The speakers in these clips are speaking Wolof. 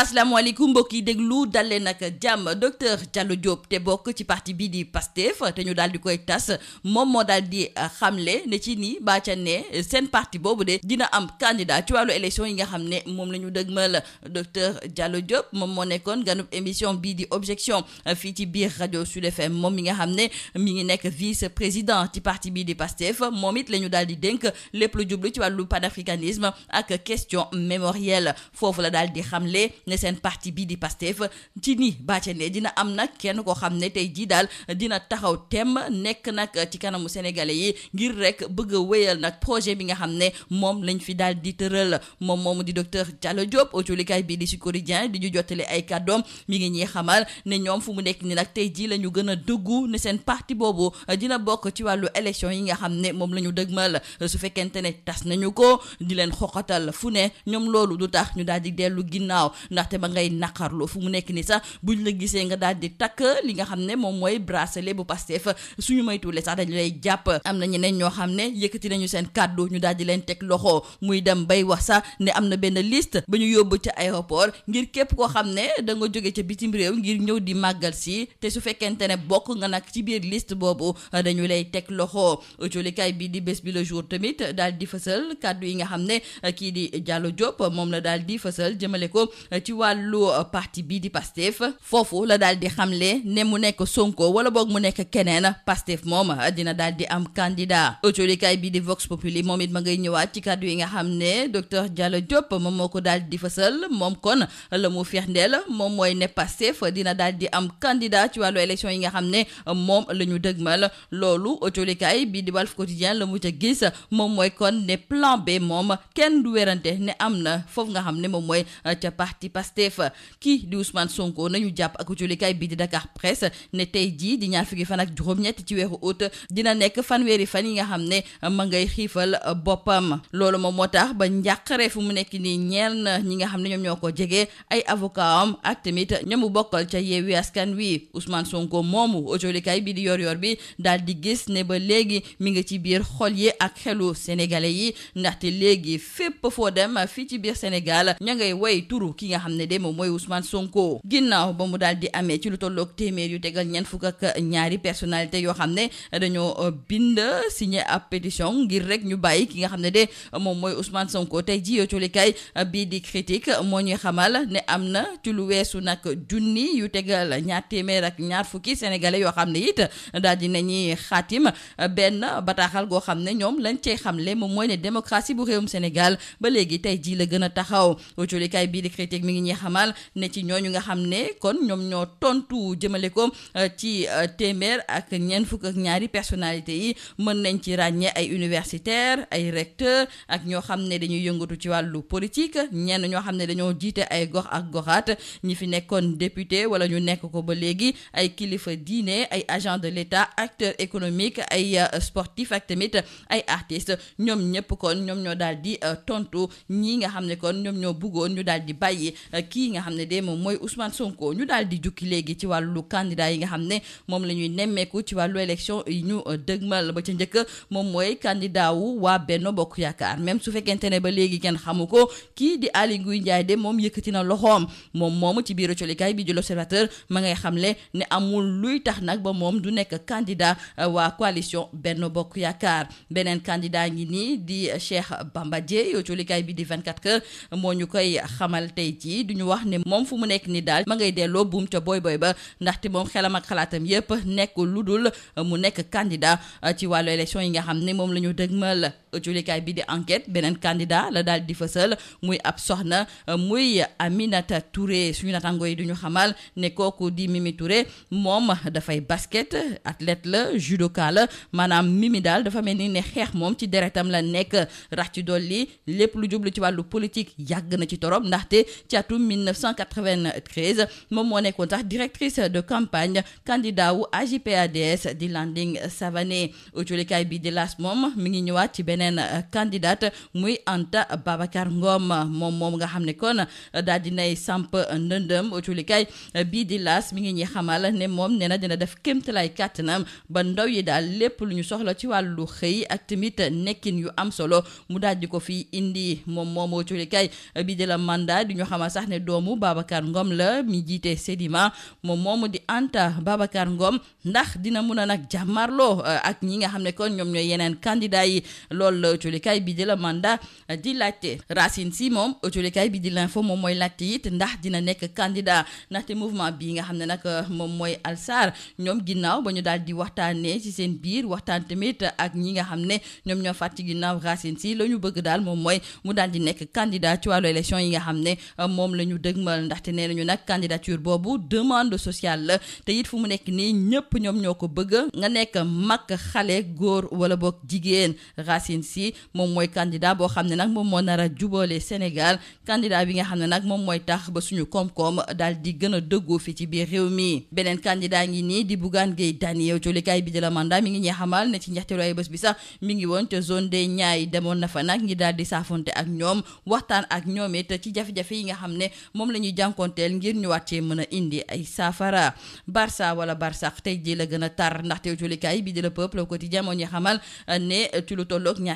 asalaamaaleykum mbokk yi déglu dalee nag jàmm docteur Diallo Diop te bokk ci parti bii di PASTEF te ñu daal di koy tas moom moo daal di xamle ne ci nii baa ne seen parti boobu de dina am candidat ci wàllu élection yi nga xam ne moom la ñu la docteur Diallo Diop moom moo nekkoon ganub émission bii di objection fii ci biir rajo Sud FM moom mi nga xam ne mi ngi nekk vice président ci parti bii di PASTEF moom it la ñu daal di dénk lépp lu jublu ci wàllu panafricanisme ak question mémorielle foofu la daal di xamle. ne seen parti bii di Pastef ci ni bàcce ne dina am nag kenn koo xam ne tey jii daal dina taxaw tem nekk nag ci kanamu sénégalais yi ngir rek bëgg a wéyal nag projet bi nga xam ne moom lañ fi daal di tëral moom moomu di docteur Diallo Diop autolikaay bii di si quotidien di ñu jottali ay kàddoom mi ngi ñuy xamal ne ñoom fu mu nekk ni nag tey jii la ñu gën a dëggu ne seen parti boobu dina bokk ci wàllu élection yi nga xam ne moom la ñu dëgmal su fekkente ne tas nañu ko di leen xoqatal fu ne ñoom loolu du tax ñu daal di dellu ginnaaw ndaxte ba ngay naqarloo fu mu nekk ni sax buñ la gisee nga daal di takk li nga xam ne moom mooy bracelet bu Pastef suñu maytuwulee sax dañu lay jàpp am na ñeneen ñoo xam ne yëkkati nañu seen kàddu ñu daal di leen teg muy dem bay wax sax ne am na benn liste ba ñu yóbbu ci aéroport ngir képp koo xam ne da nga jóge ca bitim réew ngir ñëw di màggal si te su fekkente ne bokk nga nag ci biir liste boobu dañu lay teg loxo colikaay bi di bés bi la jour tamit daal di fësal kaddu yi nga xam ne kii di Diallo Diop moom la daal di fësal jëmale ko ci wàllu euh, parti bi di Pastef foofu la daal di xamle ne mu nekk Sonko wala boog mu nekk keneen Pastef moom euh, dina daal di am candidat autolikaay bi di Vox Populi moom it ma ngay ñëwaat ci kàddu yi nga xam ne docteur Diallo Diop moom moo ko daal di fësal moom kon la mu firndeel moom mooy ne Pastef dina daal di am candidat ci wàllu élection yi nga xam ne euh, moom la ñu la loolu autolikaay bi di Walf Quotidien la mu ca gis moom mooy kon ne plan B moom kenn du werante ne am na foofu nga xam ne moom mooy ca parti fa kii di Ousmane Sonko nañu jàpp ak julikaay bii di Dakar Presse ne tey jii di ñaar fukki fan ak juróom-ñett ci weeru août dina nekk fanweeri fan yi nga xam ne ma ngay xiifal boppam loolu moom moo tax ba njàqare fu mu nekk nii ñeen ñi nga xam ne ñoom ñoo ko jege ay avocat am ak tamit ñamu bokkal ca Yewwi Askan Wi Ousmane Sonko moomu julikaay bii di yor yor bi daal di gis ne ba léegi mi ngi ci biir xol yi ak xelu sénégalais yi ndaxte léegi fépp foo dem fii ci biir Sénégal xam ne de moom mooy Ousmane Sonko ginnaaw ba mu daal di amee ci lu tolloog téeméer yu tegal ñeent fukk ak ñaari personalité yoo xam ne dañoo euh, bind signé ab pétition ngir rek ñu bàyyi ki nga xam ne de moom mooy Ousmane Sonko tey ji yooculikaay euh, euh, bii di critique moo ñuy xamal ne am na ci lu weesu nag junni yu tegal ñaar téeméer ak ñaar fukki sénégalais yoo xam ne it daal di nañuy xaatim benn bataaxal goo xam ne ñoom lañ cey xamle moom mooy ne démocratie bu réewum Sénégal ba léegi tey ji la gën a taxaw yooculikaay bii di critique mi ngi ñuy xamal ne ci ñooñu nga xam ne kon ñoom ñoo tontu jëmale ko euh, ci euh, téeméer ak ñeen fukk ak ñaari personnalité yi mën nañ ci ràññee ay universitaire ay recteur ak ñoo xam ne dañuy yëngatu ci wàllu politique ñenn ñoo xam ne dañoo jiite ay gox ak goxaat ñi fi nekkoon député wala ñu nekk ko ba léegi ay kilifa diine ay agent de l'état acteur économique ay euh, sportif ak tamit ay artistes ñoom ñëpp kon ñoom ñoo daal di tontu ñii nga xam ne kon ñoom ñoo bëggoon Euh, kii nga xam ne de moom mooy Ousmane Sonko ñu daal di jukki léegi ci wàllu candidat yi nga xam ne moom lañuy nemmeeku ci wàllu élection yi ñu euh, la ba ca njëkk moom mooy candidat wu waa Benno Bokk Yaakaar même su fekkente ne ba léegi kenn xamu ko kii di Aly Ngouille de moom yëkkati na loxoom moom moomu ci biir colikaay bi di l'Observateur ma ngay xamle ne amul luy tax nag ba moom du nekk candidat euh, waa coalition benn Bokk Yaakaar beneen candidat ngi nii di Cheikh Bamba Dièye colikaay bi di 24 heures moo ñu koy xamal tey ji du ñu wax ne moom fu mu nekk nii daal ma ngay delloo buum ca booy booy ba ndaxte moom xelam ak xalaatam yépp nekk lu dul mu nekk candidat euh, ci wàllu élection yi nga xam ne moom la ma la julikaay bi di enquête beneen candidat la daal di fësal muy ab soxna euh, muy Aminata Touré suñu natango yi du ñu xamal ne kooku di Mimi Touré moom dafay basket athlète la judoka la maanaam Mimi daal dafa mel ni ne xeex moom ci deretam la nekk rax ci dolli lépp lu jublu ci wàllu politique yàgg na ci torop ndaxte ci atum 1993 moom moo nekkoon sax directrice de campagne candidat wu AJPADS di Landing Savané julikaay bi di las moom mi ngi ñëwaat ci benn beneen euh, candidate muy Anta Babacar ngoom moom moom nga xam ne kon euh, daal dinay samp euh, ndëndëm autolikaay bii di laas mi ngi ñuy xamal ne moom nee na dina def kéemtalaay kàttanam ba ndaw yi daal lépp lu ñu soxla ci wàllu xëy ak nekkin yu am solo mu daal di ko fi indi moom moom autolikaay bii di la mandat di sax ne doomu Babacar Ngom la mi jiite Sedima moom moomu di Anta Babacar Ngom ndax dina mun a nag jàmmarloo ak ñi nga xam ne kon ñoom ñooy yeneen candidat yi loolu lool la ëccolikaay bi di la mandat di laajte Racine si moom ëccolikaay bi di l'info moom mooy laajte it ndax dina nekk candidat ndaxte xam ne nag euh, moom mooy alsar ñoom ginnaaw ba ñu daal di waxtaanee ci seen biir waxtaan tamit ak ñi nga xam ne ñoom ñoo fàtt ci ginnaaw Racine si la ñu bëgg daal moom mooy mu daal di nekk candidat ci wàllu élection yi nga xam ne euh, moom la ñu dëgmal ndaxte nee nañu nag candidature boobu demande sociale la te it fu mu nekk nii ñëpp ñoom ñoo ko bëgg nga nekk mag xale góor wala boog jigéen Racine si moom mooy candidat boo xam ne nag moom moo a juboolee Sénégal bi nga xam ne nag moom mooy tax ba suñu koom-koom daal di gën a dëggoo fii ci biir réew mi beneen candidat ngi nii di Bougane Gueye Dany yow jolikaay bi di la mandat mi ngi ñuy xamal ne ci njaxteelu ay bés bi sax mi ngi woon te zone des Niayes demoon na fa nag ñi daal di saafonte ak ñoom waxtaan ak ñoom it ci jafe-jafe yi nga xam ne moom la ñuy jànkonteel ngir ñu wàccee mën a indi ay saafara Barça wala Barsax tey jii la gën a tar ndaxte jolikaay bi di la peuple quotidien moo ñuy xamal ne ci lu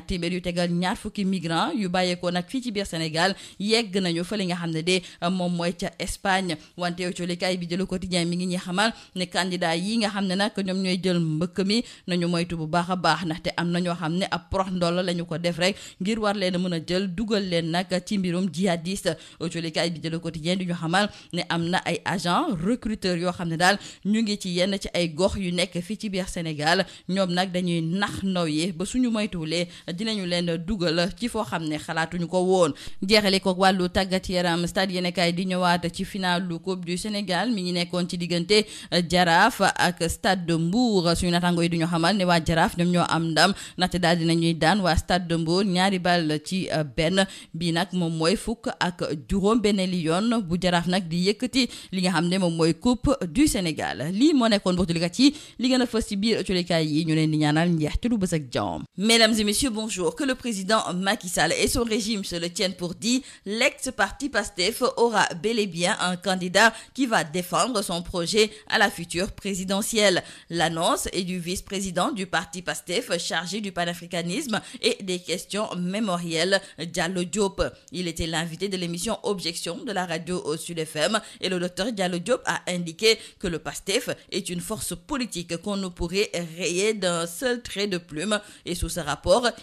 juróom-ñaar téeméer yu tegal ñaar fukki migrant yu bàyyeekoo nag fii ci biir Sénégal yegg nañu fa li nga xam ne de euh, moom mooy ca Espagne wante yow colikaay bi jëlu quotidien mi ngi ñuy xamal ne candidat yi nga xam ne nag ñoom ñooy jël mbëkk mi nañu moytu bu baax a baax ndaxte am na ñoo xam ne ab prox ndoll la ñu ko def rek ngir war leen a mën a jël dugal leen nag ci mbirum jihadiste colikaay bi jëlu quotidien di ñu xamal ne am na ay agent recruteur yoo xam ne daal ñu ngi ci yenn ci ay gox yu nekk fii ci biir Sénégal ñoom nag dañuy nax ndaw yi ba suñu moytuwulee dinañu leen dugal ci foo xam ne xalaatuñu ko woon jeexale ko wàllu tàggat yaram stade yéenekaay di ñëwaat ci lu coupe du Sénégal mi ngi nekkoon ci diggante Jaraaf ak stade de Mbour suñu yi du ñu xamal ne waa Jaraaf ñoom ñoo am ndam ndaxte daal dinañuy daan waa stade de ñaari bal ci euh, benn bi nag moom mooy fukk ak juróom benneeli yoon bu Jaraaf nag di yëkkati li nga xam ne moom mooy coupe du Sénégal lii moo nekkoon boxtu li kat yi li gën a fës ci biir colikaay yi ñu leen di ñaanal njeex ci lu bës ak jawam mesdames et messieurs bonjour que le président Macky Sall et son régime se le tiennent pour dit, l'ex-parti PASTEF aura bel et bien un candidat qui va défendre son projet à la future présidentielle. L'annonce est du vice-président du parti PASTEF chargé du panafricanisme et des questions mémorielles, Diallo Diop. Il était l'invité de l'émission Objection de la radio au Sud FM et le docteur Diallo Diop a indiqué que le PASTEF est une force politique qu'on ne pourrait rayer d'un seul trait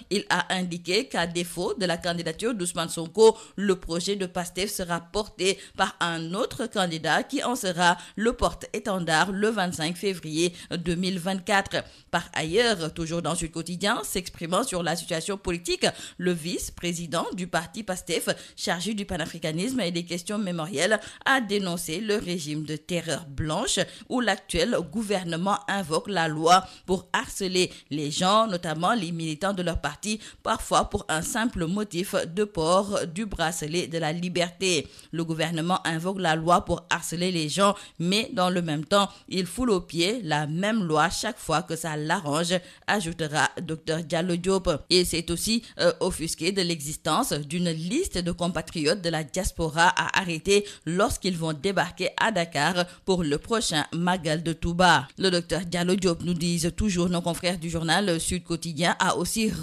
Il a indiqué qu'à défaut de la candidature d'Ousmane Sonko, le projet de PASTEF sera porté par un autre candidat qui en sera le porte-étendard le 25 février 2024. Par ailleurs, toujours dans Sud Quotidien, s'exprimant sur la situation politique, le vice-président du parti PASTEF, chargé du panafricanisme et des questions mémorielles, a dénoncé le régime de terreur blanche où l'actuel gouvernement invoque la loi pour harceler les gens, notamment les militants de parti, parfois pour un simple motif de port du bracelet de la liberté. Le gouvernement invoque la loi pour harceler les gens, mais dans le même temps, il foule aux pieds la même loi chaque fois que ça l'arrange, ajoutera Dr Diallo Diop. Et c'est aussi euh, offusqué de l'existence d'une liste de compatriotes de la diaspora à arrêter lorsqu'ils vont débarquer à Dakar pour le prochain Magal de Touba. Le docteur Diallo Diop nous disent toujours nos confrères a aussi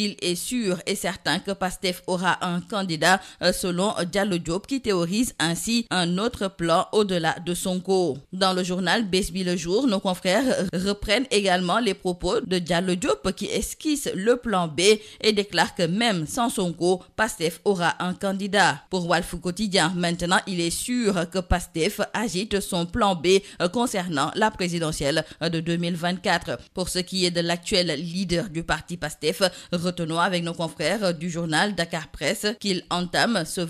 qu'il est sûr et certain que Pastef aura un candidat euh, selon Diallo Diop qui théorise ainsi un autre plan au-delà de Sonko. Dans le journal Besbi le jour, nos confrères reprennent également les propos de Diallo Diop qui esquisse le plan B et déclare que même sans Sonko, Pastef aura un candidat. Pour Walf Quotidien, maintenant, il est sûr que Pastef agite son plan B euh, concernant la présidentielle euh, de 2024. Pour ce qui est de l'actuel leader du parti retenons avec nos confrères du journal Dakar Presse qu'il entame ce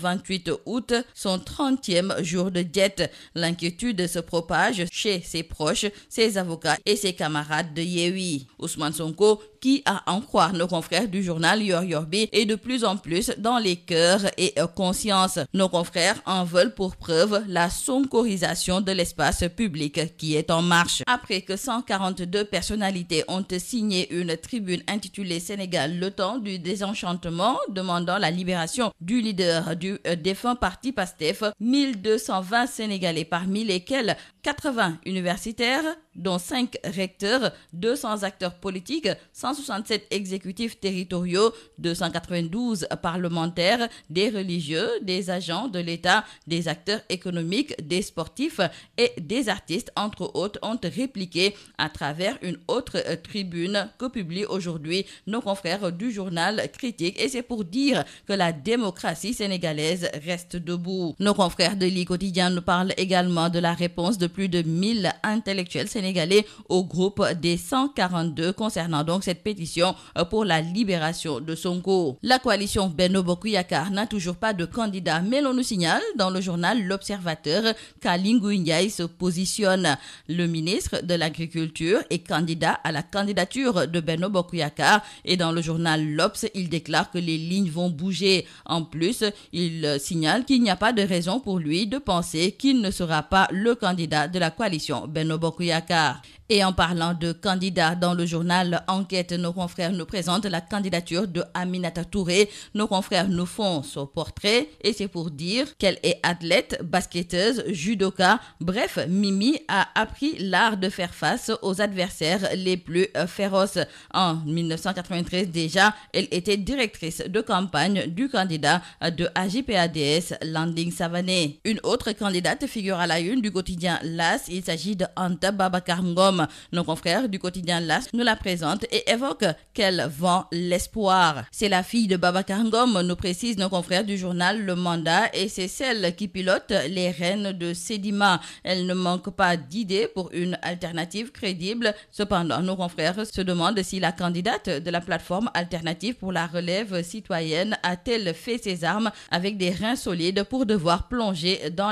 août son 30e jour de diète. L'inquiétude se propage chez ses proches, ses avocats et ses camarades de Yewi. Ousmane Sonko qui, à en croire nos confrères du journal Yor Yorbi, est de plus en plus dans les cœurs et euh, conscience Nos confrères en veulent pour preuve la soncorisation de l'espace public qui est en marche. Après que 142 personnalités ont signé une tribune intitulée Sénégal, le temps du désenchantement, demandant la libération du leader du euh, défunt parti PASTEF, 1220 Sénégalais, parmi lesquels 80 universitaires, dont 5 recteurs, 200 acteurs politiques, 167 exécutifs territoriaux, 292 parlementaires, des religieux, des agents de l'État, des acteurs économiques, des sportifs et des artistes, entre autres, ont répliqué à travers une autre euh, tribune que publient aujourd'hui nos confrères du journal Critique. Et c'est pour dire que la démocratie sénégalaise reste debout. Nos confrères de l'I quotidien nous parlent également de la réponse de plus de 1000 intellectuels sénégalais sénégalais au groupe des 142 concernant donc cette pétition euh, pour la libération de Sonko. La coalition Benno Bokk n'a toujours pas de candidat, mais l'on nous signale dans le journal L'Observateur qu'Aly se positionne. Le ministre de l'Agriculture est candidat à la candidature de Benno Bokk Yakaar et dans le journal L'Obs, il déclare que les lignes vont bouger. En plus, il euh, signale qu'il n'y a pas de raison pour lui de penser qu'il ne sera pas le candidat de Dakar. Et en parlant de candidats dans le journal Enquête, nos confrères nous présentent la candidature de Aminata Touré. Nos confrères nous font son portrait et c'est pour dire qu'elle est athlète, basketteuse, judoka. Bref, Mimi a appris l'art de faire face aux adversaires les plus féroces. En 1993 déjà, elle était directrice de campagne du candidat de AJPADS, Landing Savané. Une autre candidate figure la une du quotidien LAS. Il s'agit de Babacar Nos confrères du quotidien LAS nous la présentent et évoquent qu'elle vend l'espoir. C'est la fille de Babacar Ngom, nous précisent nos confrères du journal Le Mandat et c'est celle qui pilote les rênes de Sedima. Elle ne manque pas d'idées pour une alternative crédible. Cependant, nos confrères se demandent si la candidate de la plateforme alternative pour la relève citoyenne a-t-elle fait ses armes avec des reins solides pour devoir plonger dans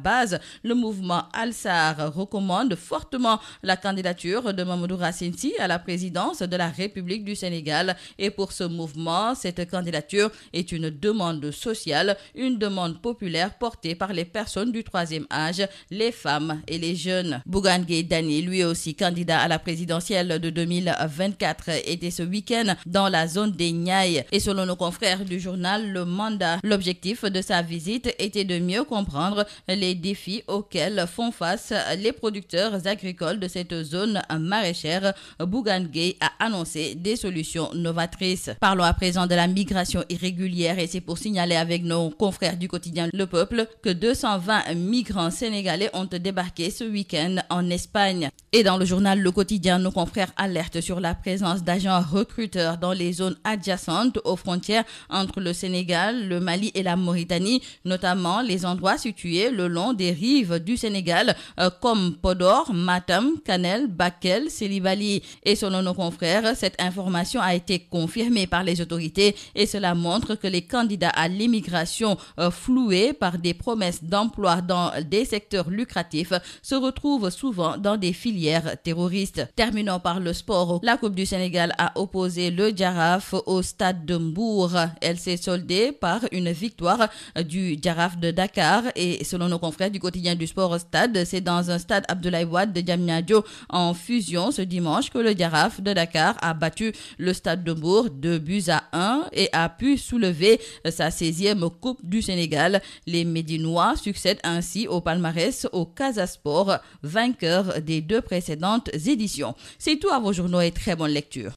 base. Le mouvement la candidature de Mamadou Racine Sy la présidence de la République du Sénégal. Et pour ce mouvement, cette candidature est une demande sociale, une demande populaire portée par du troisième âge, les femmes et les jeunes. Bougane Gueye Dany, lui aussi de 2024, était ce week-end la zone de sa visite était de mieux comprendre les défis auxquels font face les producteurs agricoles de cette zone maraîchère, Bougane a annoncé des solutions novatrices. Parlons à présent de la migration irrégulière et c'est pour signaler avec nos confrères du quotidien Le Peuple que migrants sénégalais ont débarqué ce week-end en Espagne. Et dans le journal Le Quotidien, nos confrères alertent sur la présence d'agents recruteurs dans les zones adjacentes aux frontières entre le Sénégal, le Mali venant des rives du Sénégal euh, comme Podor, Matam, Kanel, Bakel, Sélibaly. Et selon nos confrères, cette information a été confirmée par les autorités et cela montre que les candidats à l'immigration euh, floués par des promesses d'emploi dans des secteurs lucratifs se retrouvent souvent dans des filières terroristes. Terminons par le sport. La Coupe du Sénégal a opposé le Jaraaf au stade de Mbour. Elle s'est soldée par une victoire euh, du Jaraaf de Dakar et selon confrères du quotidien du sport Stade, c'est dans un stade Abdoulaye Wade de Diamniadio en fusion ce dimanche que le Diaraf de Dakar a battu le Stade de Mbour de buts à 1 et a pu soulever sa 16 Coupe du Sénégal. Les Médinois succèdent ainsi au palmarès au Casasport, vainqueur des deux précédentes éditions. C'est tout à vos journaux et très bonne lecture.